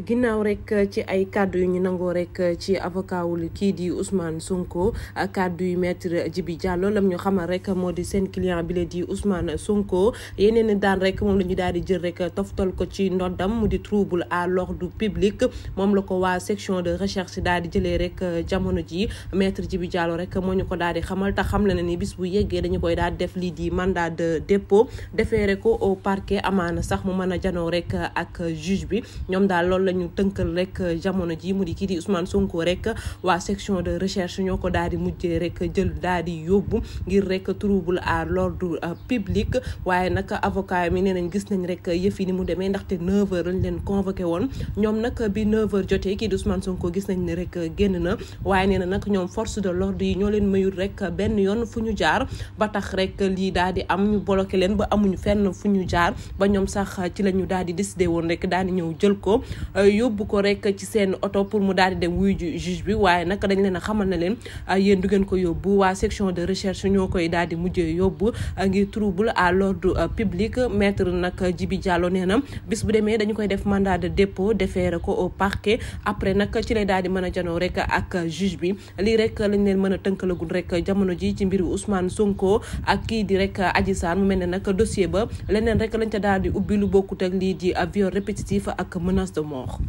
ginnaaw rek euh, ci ay kàddu yu ñu nangoo rek euh, ci avocat wul kii di Ousmane Sonko euh, kàddu yu maître Djibi jàlloo lam ñu xamal rek moo di seen client bi la di usmaan Sonko yeneen daan rek moom la ñu daal di jël rek toftal ko ci ndoddam mu di trouble à l'ordre public moom la ko waa section de recherche daal di jëlee rek jamono ji maître Djibi Diallo rek moo ñu ko daal di xamal tax xam la na ni bis bu yeggee dañu koy daal def lii di mandat de dépôt defeere ko au parquet amaana sax mu mën a janoo rek ak juge bi ñoom daal loolu la tënkal rek euh, jamono ji mu di kii di Ousmane Sonko rek waa section de recherche ñoo ko daal di mujjee rek jël daal di yóbbu ngir rek trouble à l'ordre euh, public waaye nag avocat mi nee nañ gis nañ rek yëf yi ni mu demee ndaxte 9h lañ leen convoqué woon ñoom nag bi 9h jotee kii di Ousmane Sonko gis nañ ne rek génn na waaye nee na nag ñoom force de l'ordre yi ñoo leen mayul rek benn yoon fu ñu jaar ba tax rek lii daal di am ñu bloqué leen ba amuñu fenn fu ñu jaar ba ñoom sax ci la ñu daal di décidé woon rek daal di ñëw jël ko Euh, yóbbu ko rek ci seen oto pour mu daal di dem wuy ju juge bi waaye nag dañ leen a xamal na leen euh, yéen du ngeen ko yóbbu waa section de recherche ñoo koy daal di mujjee yóbbu euh, ngir trouble à l'ordre public maître nag Djibi Diallo nee na bis bu demee dañu koy def mandat de dépôt defeere ko au parquet après nag ci lay daal di mën a janoo rek ak juge bi lii rek lañ leen mën a tënkalagul rek jamono ji ci mbiru Ousmane Sonko ak kii di rek Adji Sarr mu mel ne nag dossier ba leneen rek lañ ca daal di ubbi lu bokkut ak lii di viol répétitif ak menace de mort xonq